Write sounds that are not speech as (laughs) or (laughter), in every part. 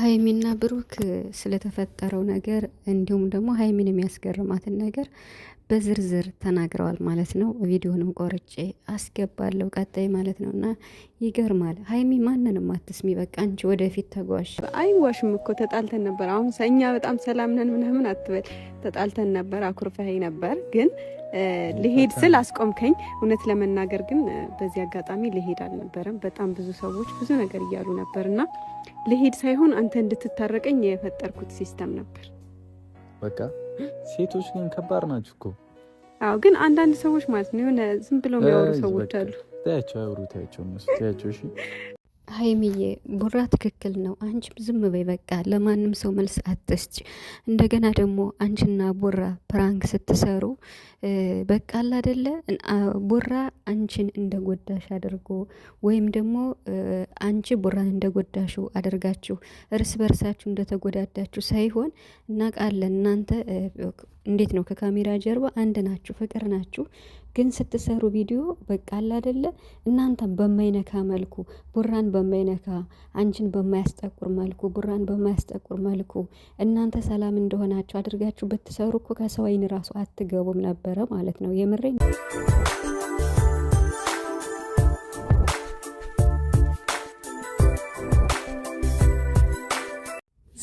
ሀይሚና ብሩክ ስለተፈጠረው ነገር እንዲሁም ደግሞ ሀይሚን የሚያስገርማትን ነገር በዝርዝር ተናግረዋል ማለት ነው። ቪዲዮንም ቆርጬ አስገባለሁ ቀጣይ ማለት ነው። እና ይገርማል። ሀይሚ ማንንም አትስሚ፣ በቃ አንቺ ወደፊት ተጓሽ። አይዋሽም እኮ ተጣልተን ነበር። አሁን እኛ በጣም ሰላም ነን ምናምን አትበል። ተጣልተን ነበር፣ አኩርፈኸኝ ነበር ግን ልሄድ ስል አስቆምከኝ። እውነት ለመናገር ግን በዚህ አጋጣሚ ልሄድ አልነበረም። በጣም ብዙ ሰዎች ብዙ ነገር እያሉ ነበር እና ልሄድ ሳይሆን አንተ እንድትታረቀኝ የፈጠርኩት ሲስተም ነበር። በቃ ሴቶች ግን ከባድ ናቸው እኮ። አዎ፣ ግን አንዳንድ ሰዎች ማለት ነው የሆነ ዝም ብለው የሚያወሩ ሰዎች አሉ። ታያቸው፣ አያወሩ፣ ታያቸው፣ እነሱ ታያቸው። እሺ ሀይሚዬ ቡራ ትክክል ነው። አንቺም ዝም በይ በቃ፣ ለማንም ሰው መልስ አትስጭ። እንደገና ደግሞ አንቺና ቡራ ፕራንክ ስትሰሩ በቃል አደለ ቡራ አንቺን እንደጎዳሽ አድርጎ ወይም ደግሞ አንቺ ቡራን እንደጎዳሹ አድርጋችሁ እርስ በርሳችሁ እንደተጎዳዳችሁ ሳይሆን እናቃለን እናንተ እንዴት ነው ከካሜራ ጀርባ አንድ ናችሁ፣ ፍቅር ናችሁ። ግን ስትሰሩ ቪዲዮ በቃ አለ አይደለ እናንተን በማይነካ መልኩ ቡራን በማይነካ አንቺን በማያስጠቁር መልኩ ቡራን በማያስጠቁር መልኩ እናንተ ሰላም እንደሆናችሁ አድርጋችሁ ብትሰሩ እኮ ከሰው አይን ራሱ አትገቡም ነበረ ማለት ነው የምሬ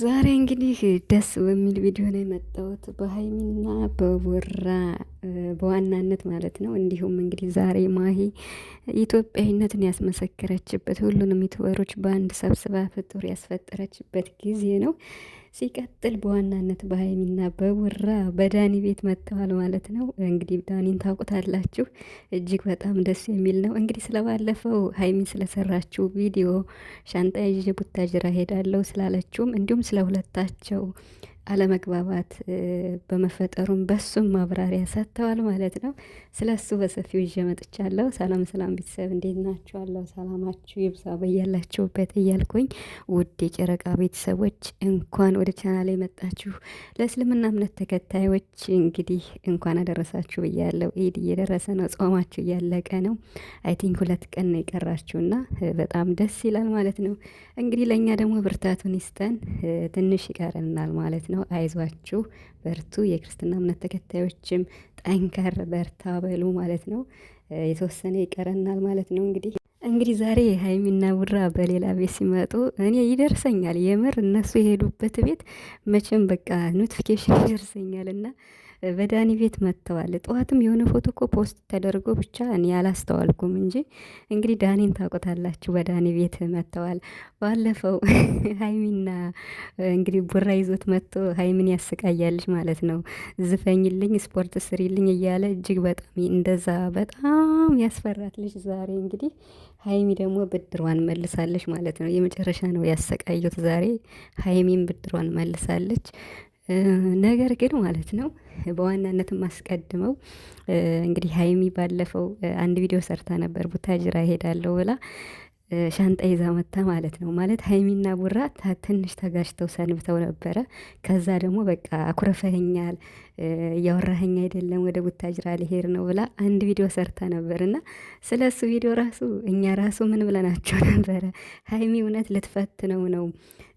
ዛሬ እንግዲህ ደስ በሚል ቪዲዮ ነው የመጣሁት በሀይሚና በቦራ በዋናነት ማለት ነው። እንዲሁም እንግዲህ ዛሬ ማሂ ኢትዮጵያዊነትን ያስመሰከረችበት ሁሉንም ዩቱበሮች በአንድ ሰብስባ ፍጡር ያስፈጠረችበት ጊዜ ነው። ሲቀጥል በዋናነት በሀይሚና በቡራ በዳኒ ቤት መጥተዋል ማለት ነው። እንግዲህ ዳኒን ታውቁታላችሁ፣ እጅግ በጣም ደስ የሚል ነው። እንግዲህ ስለባለፈው ሀይሚ ስለሰራችው ቪዲዮ ሻንጣ ይዤ ቡታጅራ ሄዳለሁ ስላለችውም እንዲሁም ስለ ሁለታቸው አለመግባባት በመፈጠሩም በሱም ማብራሪያ ሰጥተዋል ማለት ነው። ስለ እሱ በሰፊው ይዤ መጥቻለሁ። ሰላም ሰላም ቤተሰብ እንዴት ናችኋለሁ? ሰላማችሁ ይብዛ በያላችሁበት እያልኩኝ ውድ የጨረቃ ቤተሰቦች እንኳን ወደ ቻናል የመጣችሁ ለእስልምና እምነት ተከታዮች እንግዲህ እንኳን አደረሳችሁ ብያለሁ። ኢድ እየደረሰ ነው። ጾማችሁ እያለቀ ነው። አይ ቲንክ ሁለት ቀን ነው የቀራችሁና በጣም ደስ ይላል ማለት ነው። እንግዲህ ለእኛ ደግሞ ብርታቱን ይስጠን። ትንሽ ይቀረናል ማለት ነው። ነው። አይዟችሁ በርቱ። የክርስትና እምነት ተከታዮችም ጠንከር በርታ በሉ ማለት ነው። የተወሰነ ይቀረናል ማለት ነው እንግዲህ እንግዲህ ዛሬ ሀይሚና ቡራ በሌላ ቤት ሲመጡ እኔ ይደርሰኛል የምር እነሱ የሄዱበት ቤት መቼም በቃ ኖቲፊኬሽን ይደርሰኛል እና በዳኒ ቤት መጥተዋል። ጠዋትም የሆነ ፎቶ እኮ ፖስት ተደርጎ ብቻ እኔ አላስተዋልኩም እንጂ እንግዲህ ዳኒን ታውቆታላችሁ። በዳኒ ቤት መጥተዋል። ባለፈው (laughs) ሀይሚና እንግዲህ ቡራ ይዞት መጥቶ ሀይሚን ያሰቃያለች ማለት ነው። ዝፈኝልኝ፣ ስፖርት ስሪልኝ እያለ እጅግ በጣም እንደዛ በጣም ያስፈራት ልጅ። ዛሬ እንግዲህ ሀይሚ ደግሞ ብድሯን መልሳለች ማለት ነው። የመጨረሻ ነው ያሰቃየት ዛሬ ሀይሚን ብድሯን መልሳለች። ነገር ግን ማለት ነው በዋናነት ማስቀድመው እንግዲህ ሀይሚ ባለፈው አንድ ቪዲዮ ሰርታ ነበር ቡታጅራ እሄዳለሁ ብላ ሻንጣ ይዛ መታ ማለት ነው። ማለት ሀይሚና ቡራ ትንሽ ተጋጭተው ሰንብተው ነበረ። ከዛ ደግሞ በቃ አኩረፈኸኛል፣ እያወራኸኝ አይደለም፣ ወደ ቡታጅራ ሊሄድ ነው ብላ አንድ ቪዲዮ ሰርታ ነበር እና ስለ እሱ ቪዲዮ ራሱ እኛ ራሱ ምን ብለናቸው (laughs) ነበረ? ሀይሚ እውነት ልትፈትነው ነው።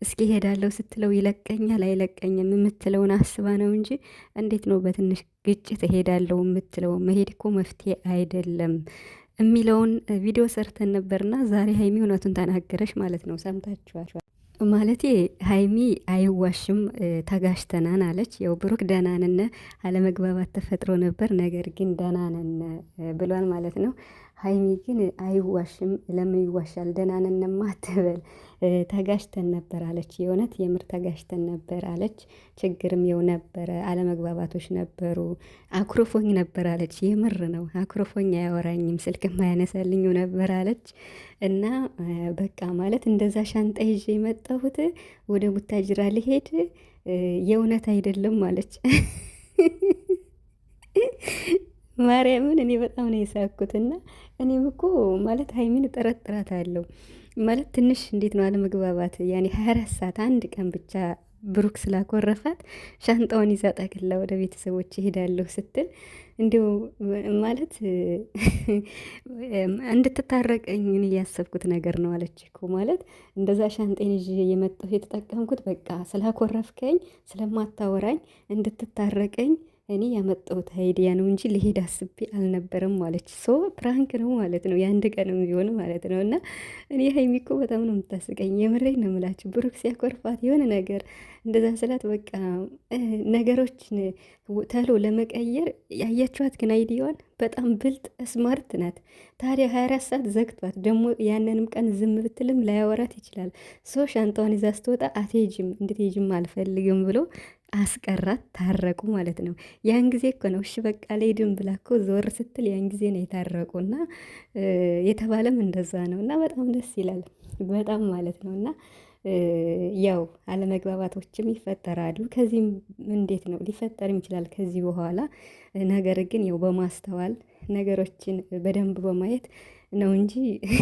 እስኪ ሄዳለሁ ስትለው ይለቀኛል አይለቀኝም የምትለውን አስባ ነው እንጂ እንዴት ነው በትንሽ ግጭት ሄዳለው የምትለው? መሄድ እኮ መፍትሄ አይደለም። የሚለውን ቪዲዮ ሰርተን ነበርና ዛሬ ሀይሚ እውነቱን ተናገረች ማለት ነው። ሰምታችኋል ማለት ሀይሚ አይዋሽም ተጋሽተናን አለች። ያው ብሩክ ደናንነ አለመግባባት ተፈጥሮ ነበር፣ ነገር ግን ደናንነ ብሏል ማለት ነው። ሀይሚ ግን አይዋሽም። ለምን ይዋሻል? ደናንነማ አትበል ተጋሽተን ነበር አለች። የእውነት የምር ተጋሽተን ነበር አለች። ችግርም የው ነበረ፣ አለመግባባቶች ነበሩ። አኩርፎኝ ነበር አለች። የምር ነው አኩርፎኝ፣ አያወራኝም፣ ስልክም አያነሳልኝ ነበር አለች። እና በቃ ማለት እንደዛ ሻንጣ ይዤ የመጣሁት ወደ ቡታጅራ ልሄድ የእውነት አይደለም አለች። (laughs) ማርያምን እኔ በጣም ነው የሳኩትና እኔም እኮ ማለት ሀይሚን ጠረጥራት አለው ማለት ትንሽ እንዴት ነው አለመግባባት ያኔ ሀያ አራት ሰዓት አንድ ቀን ብቻ ብሩክ ስላኮረፋት ሻንጣውን ይዛ ጠቅላ ወደ ቤተሰቦች ይሄዳለሁ ስትል እንዲሁ ማለት (laughs) እንድትታረቀኝ እያሰብኩት ነገር ነው አለች እኮ። ማለት እንደዛ ሻንጤን ይዤ የመጣሁ የተጠቀምኩት በቃ ስላኮረፍከኝ ስለማታወራኝ እንድትታረቀኝ እኔ ያመጣሁት አይዲያ ነው እንጂ ለሄድ አስቤ አልነበረም ማለች። ሶ ፕራንክ ነው ማለት ነው፣ የአንድ ቀን ቢሆን ማለት ነው። እና እኔ ሀይሚ እኮ በጣም ነው የምታስቀኝ፣ የምሬን ነው የምላችሁ። ብሩክ ሲያኮርፋት የሆነ ነገር እንደዛ ስላት በቃ ነገሮችን ተሎ ለመቀየር ያያችኋት ግን አይዲያዋን በጣም ብልጥ ስማርት ናት። ታዲያ 24 ሰዓት ዘግቷት ደግሞ ያንንም ቀን ዝም ብትልም ላያወራት ይችላል። ሶ ሻንጣዋን ይዛ ስትወጣ አትሄጂም እንድትሄጂም አልፈልግም ብሎ አስቀራት፣ ታረቁ ማለት ነው። ያን ጊዜ እኮ ነው እሺ በቃ ልሂድም ብላ እኮ ዞር ስትል ያን ጊዜ ነው የታረቁ እና የተባለም እንደዛ ነው እና በጣም ደስ ይላል በጣም ማለት ነው እና ያው አለመግባባቶችም ይፈጠራሉ። ከዚህም እንዴት ነው ሊፈጠርም ይችላል ከዚህ በኋላ ነገር ግን ያው በማስተዋል ነገሮችን በደንብ በማየት ነው እንጂ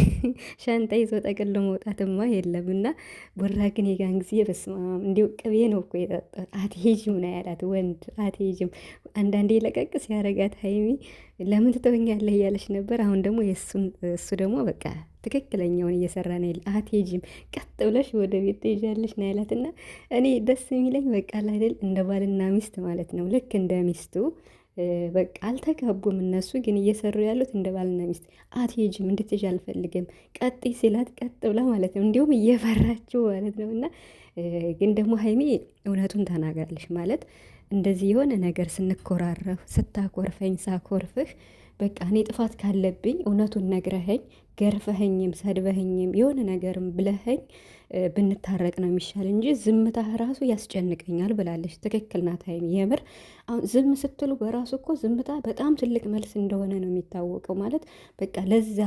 (laughs) ሻንጣ ይዞ ጠቅሎ መውጣትማ የለም። እና ቦራ ግን የጋን ጊዜ በስማም እንዲው ቅቤ ነው እኮ የጠጣት። አትሄጂም ነው ያላት ወንድ አትሄጂም። አንዳንዴ ለቀቅ ሲያረጋት ሀይሚ ለምን ትተወኛለህ እያለች ነበር። አሁን ደግሞ እሱ ደግሞ በቃ ትክክለኛውን እየሰራ ነው። ያለ። አትሄጂም፣ ቀጥ ብለሽ ወደ ቤት ትሄጃለሽ ነው ያላት። እና እኔ ደስ የሚለኝ በቃ አይደል እንደ ባልና ሚስት ማለት ነው ልክ እንደ ሚስቱ በቃ አልተጋቡም እነሱ ግን እየሰሩ ያሉት እንደ ባልና ሚስት። አትሄጂም እንድትሄጂ አልፈልግም ቀጥ ሲላት ቀጥ ብላ ማለት ነው። እንዲሁም እየፈራችው ማለት ነው። እና ግን ደግሞ ሀይሚ እውነቱን ተናግራለች ማለት እንደዚህ የሆነ ነገር ስንኮራረፍ ስታኮርፈኝ ሳኮርፍህ በቃ እኔ ጥፋት ካለብኝ እውነቱን ነግረኸኝ ገርፈኸኝም ሰድበኸኝም የሆነ ነገርም ብለኸኝ ብንታረቅ ነው የሚሻል እንጂ ዝምታህ ራሱ ያስጨንቀኛል ብላለች። ትክክል ናት ሀይሚ። የምር አሁን ዝም ስትሉ በራሱ እኮ ዝምታ በጣም ትልቅ መልስ እንደሆነ ነው የሚታወቀው። ማለት በቃ ለዛ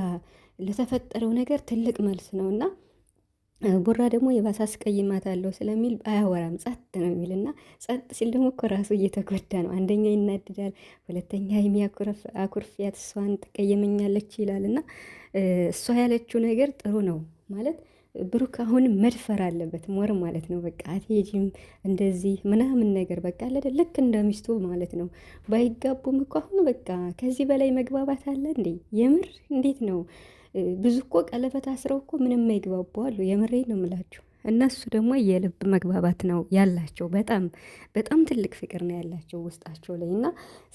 ለተፈጠረው ነገር ትልቅ መልስ ነው እና ቡራ ደግሞ የባሰ አስቀይማታለሁ ስለሚል አያወራም፣ ጸጥ ነው የሚል ጸጥ ሲል ደግሞ እኮ ራሱ እየተጎዳ ነው። አንደኛ ይናድዳል፣ ሁለተኛ ሀይሚ አኩርፊያት እሷን ትቀየመኛለች ይላል እና እሷ ያለችው ነገር ጥሩ ነው ማለት ብሩክ አሁን መድፈር አለበት ሞር ማለት ነው። በቃ አትሄጂም እንደዚህ ምናምን ነገር በቃ አለ ልክ እንደ ሚስቱ ማለት ነው። ባይጋቡም እኮ አሁን በቃ ከዚህ በላይ መግባባት አለ እንዴ? የምር እንዴት ነው? ብዙ እኮ ቀለበት አስረው እኮ ምንም አይግባቡ አሉ። የምሬ ነው ምላችሁ። እነሱ ደግሞ የልብ መግባባት ነው ያላቸው። በጣም በጣም ትልቅ ፍቅር ነው ያላቸው ውስጣቸው ላይ እና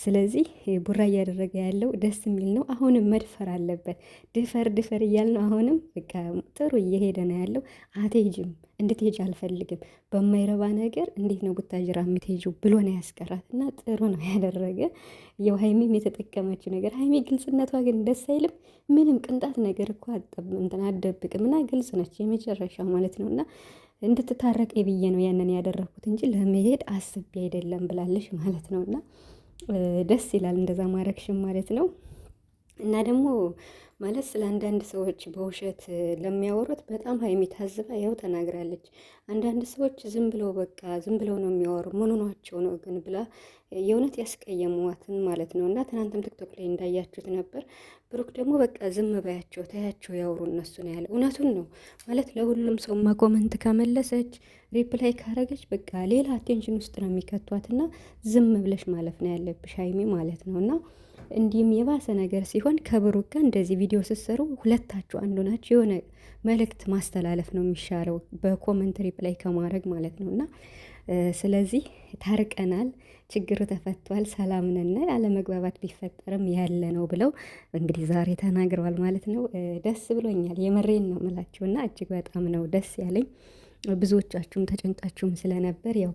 ስለዚህ ቡራ እያደረገ ያለው ደስ የሚል ነው። አሁንም መድፈር አለበት። ድፈር ድፈር እያል ነው። አሁንም በቃ ጥሩ እየሄደ ነው ያለው። አትሄጂም እንድትሄጅ አልፈልግም፣ በማይረባ ነገር እንዴት ነው ቡታጅራ የምትሄጁ ብሎ ነው ያስቀራት። እና ጥሩ ነው ያደረገ። የው ሀይሚም የተጠቀመችው ነገር ሀይሚ ግልጽነቷ ግን ደስ አይልም። ምንም ቅንጣት ነገር እኮ እንትን አደብቅም እና ግልጽ ነች የመጨረሻ ማለት ነው እና እንድትታረቅ ብዬ ነው ያንን ያደረኩት እንጂ ለመሄድ አስቤ አይደለም ብላለች ማለት ነው እና ደስ ይላል እንደዛ ማድረግሽም ማለት ነው እና ደግሞ ማለት ስለ አንዳንድ ሰዎች በውሸት ለሚያወሩት በጣም ሀይሚ ታዝባ ያው ተናግራለች። አንዳንድ ሰዎች ዝም ብለው በቃ ዝም ብለው ነው የሚያወሩ ምኑናቸው ነው ግን ብላ የእውነት ያስቀየሟትን ማለት ነው። እና ትናንትም ቲክቶክ ላይ እንዳያችሁት ነበር። ብሩክ ደግሞ በቃ ዝም ባያቸው ታያቸው ያውሩ እነሱ ነው ያለ። እውነቱን ነው ማለት ለሁሉም ሰው ማኮመንት ከመለሰች ሪፕላይ ካረገች በቃ ሌላ አቴንሽን ውስጥ ነው የሚከቷትና ዝም ብለሽ ማለፍ ነው ያለብሽ ሀይሚ ማለት ነው እና እንዲህም የባሰ ነገር ሲሆን ከብሩክ ጋር እንደዚህ ቪዲዮ ስትሰሩ ሁለታችሁ አንዱ ናችሁ የሆነ መልእክት ማስተላለፍ ነው የሚሻለው በኮመንት ሪፕላይ ከማድረግ ማለት ነው። እና ስለዚህ ታርቀናል፣ ችግሩ ተፈቷል፣ ሰላም ነን፣ አለመግባባት ቢፈጠርም ያለ ነው ብለው እንግዲህ ዛሬ ተናግረዋል ማለት ነው። ደስ ብሎኛል፣ የመሬን ነው ምላችሁ እና እጅግ በጣም ነው ደስ ያለኝ። ብዙዎቻችሁም ተጨንቃችሁም ስለነበር ያው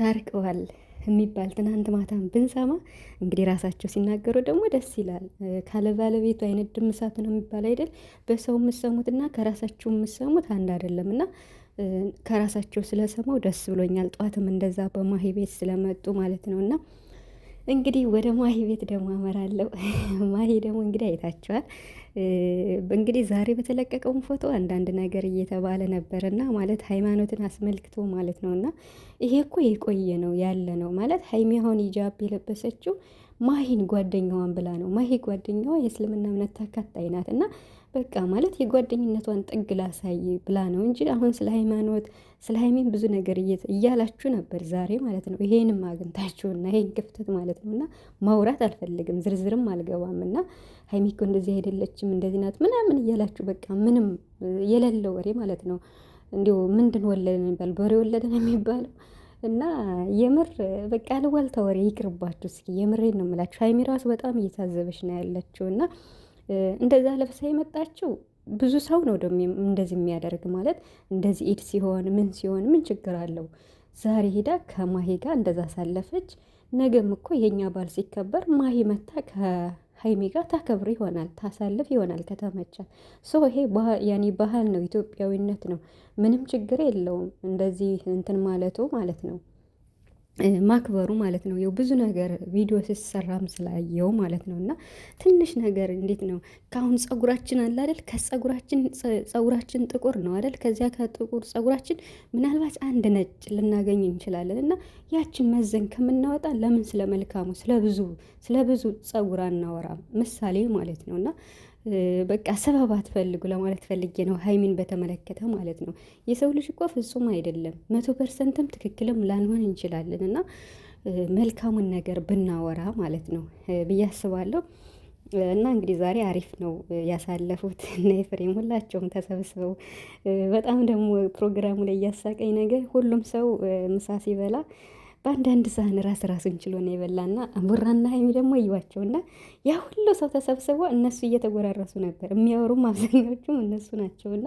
ታርቀዋል የሚባል ትናንት ማታም ብንሰማ እንግዲህ ራሳቸው ሲናገሩ ደግሞ ደስ ይላል። ካለ ባለቤቱ አይነት ድም ነው የሚባል አይደል? በሰው የምሰሙት እና ከራሳቸው የምሰሙት አንድ አይደለም እና ከራሳቸው ስለሰማው ደስ ብሎኛል። ጧትም እንደዛ በማሂ ቤት ስለመጡ ማለት ነው እና እንግዲህ ወደ ማሂ ቤት ደግሞ አመራለሁ። (laughs) ማሂ ደግሞ እንግዲህ አይታችኋል። እንግዲህ ዛሬ በተለቀቀውን ፎቶ አንዳንድ ነገር እየተባለ ነበር ና ማለት ሃይማኖትን አስመልክቶ ማለት ነው። እና ይሄ እኮ የቆየ ነው ያለ ነው ማለት ሀይሚ አሁን ሂጃብ የለበሰችው ማሂን ጓደኛዋን ብላ ነው። ማሂ ጓደኛዋ የእስልምና እምነት ተከታይ ናት እና በቃ ማለት የጓደኝነቷን ጥግ ላሳይ ብላ ነው እንጂ አሁን ስለ ሃይማኖት ስለ ሃይሜን ብዙ ነገር እያላችሁ ነበር ዛሬ ማለት ነው። ይሄንም አግኝታችሁና ይሄን ክፍተት ማለት ነው እና ማውራት አልፈልግም ዝርዝርም አልገባም እና ሃይሜ እኮ እንደዚህ አይደለችም እንደዚህ ናት ምናምን እያላችሁ በቃ ምንም የሌለ ወሬ ማለት ነው። እንዲሁ ምንድን ወለደ የሚባል በሬ ነው የሚባለው እና የምር በቃ ልዋልታ ወሬ ይቅርባችሁ። እስኪ የምሬን ነው የምላችሁ። ሃይሜ ራሱ በጣም እየታዘበች ነው ያለችው እና እንደዛ ለብሳ የመጣችው ብዙ ሰው ነው ደግሞ እንደዚህ የሚያደርግ ማለት እንደዚህ ኢድ ሲሆን ምን ሲሆን ምን ችግር አለው? ዛሬ ሄዳ ከማሄ ጋር እንደዛ ሳለፈች። ነገም እኮ የእኛ ባል ሲከበር ማሄ መታ ከሀይሚ ጋር ታከብር ይሆናል ታሳልፍ ይሆናል ከተመቻት። ሶ ይሄ ያኔ ባህል ነው፣ ኢትዮጵያዊነት ነው። ምንም ችግር የለውም እንደዚህ እንትን ማለቱ ማለት ነው። ማክበሩ ማለት ነው። ያው ብዙ ነገር ቪዲዮ ስሰራም ስላየው ማለት ነው። እና ትንሽ ነገር እንዴት ነው ከአሁን ጸጉራችን አለ አይደል? ከጸጉራችን ጸጉራችን ጥቁር ነው አይደል? ከዚያ ከጥቁር ጸጉራችን ምናልባት አንድ ነጭ ልናገኝ እንችላለን። እና ያችን መዘን ከምናወጣ ለምን ስለ መልካሙ ስለ ብዙ ስለ ብዙ ጸጉር አናወራ? ምሳሌ ማለት ነው እና በቃ ሰበብ አትፈልጉ ለማለት ፈልጌ ነው፣ ሀይሚን በተመለከተ ማለት ነው። የሰው ልጅ እኮ ፍጹም አይደለም፣ መቶ ፐርሰንትም ትክክልም ላንሆን እንችላለን። እና መልካሙን ነገር ብናወራ ማለት ነው ብዬ አስባለሁ። እና እንግዲህ ዛሬ አሪፍ ነው ያሳለፉት (laughs) እና የፍሬም ሁላቸውም ተሰብስበው በጣም ደግሞ ፕሮግራሙ ላይ እያሳቀኝ ነገር ሁሉም ሰው ምሳ ሲበላ በአንዳንድ ሳህን ራስ ራሱን ችሎ ነው የበላና ቡራና ሀይሚ ደግሞ እዩዋቸውና ያ ሁሉ ሰው ተሰብስቦ እነሱ እየተጎራረሱ ነበር። የሚያወሩም አብዛኛዎቹም እነሱ ናቸውና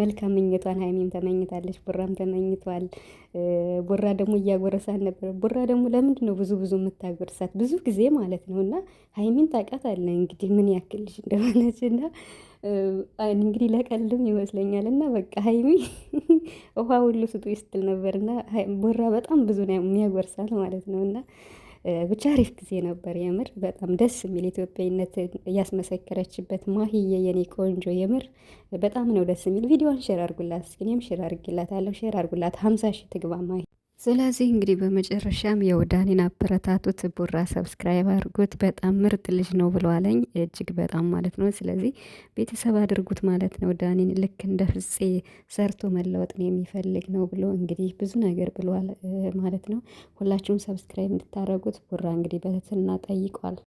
መልካም ምኞቷን ሀይሚም ተመኝታለች፣ ቡራም ተመኝቷል። ቡራ ደግሞ እያጎረሳን ነበር። ቡራ ደግሞ ለምንድን ነው ብዙ ብዙ የምታጎርሳት ብዙ ጊዜ ማለት ነው እና ሀይሚን ታውቃታለህ እንግዲህ ምን ያክል እንደሆነች እና እንግዲህ ለቀልም ይመስለኛል እና በቃ ሀይሚ (laughs) ውሃ ሁሉ ስጡ ስትል ነበር እና ቦራ በጣም ብዙ የሚያጎርሳል ማለት ነው እና ብቻ አሪፍ ጊዜ ነበር። የምር በጣም ደስ የሚል ኢትዮጵያዊነት ያስመሰከረችበት ማሂዬ የኔ ቆንጆ የምር በጣም ነው ደስ የሚል። ቪዲዮን ሼር አርጉላት፣ እስኪ እኔም ሼር አለው ሼር አርጉላት ሀምሳ ሺ ትግባ ማሂ ስለዚህ እንግዲህ በመጨረሻም ያው አበረታቱት፣ ቡራ ሰብስክራይብ አድርጉት፣ በጣም ምርጥ ልጅ ነው ብሏለኝ። እጅግ በጣም ማለት ነው። ስለዚህ ቤተሰብ አድርጉት ማለት ነው። ዳኒን ልክ እንደ ፍፄ ሰርቶ መለወጥን የሚፈልግ ነው ብሎ እንግዲህ ብዙ ነገር ብሏል ማለት ነው። ሁላችሁም ሰብስክራይብ እንድታደርጉት ቡራ እንግዲህ በትህትና ጠይቋል።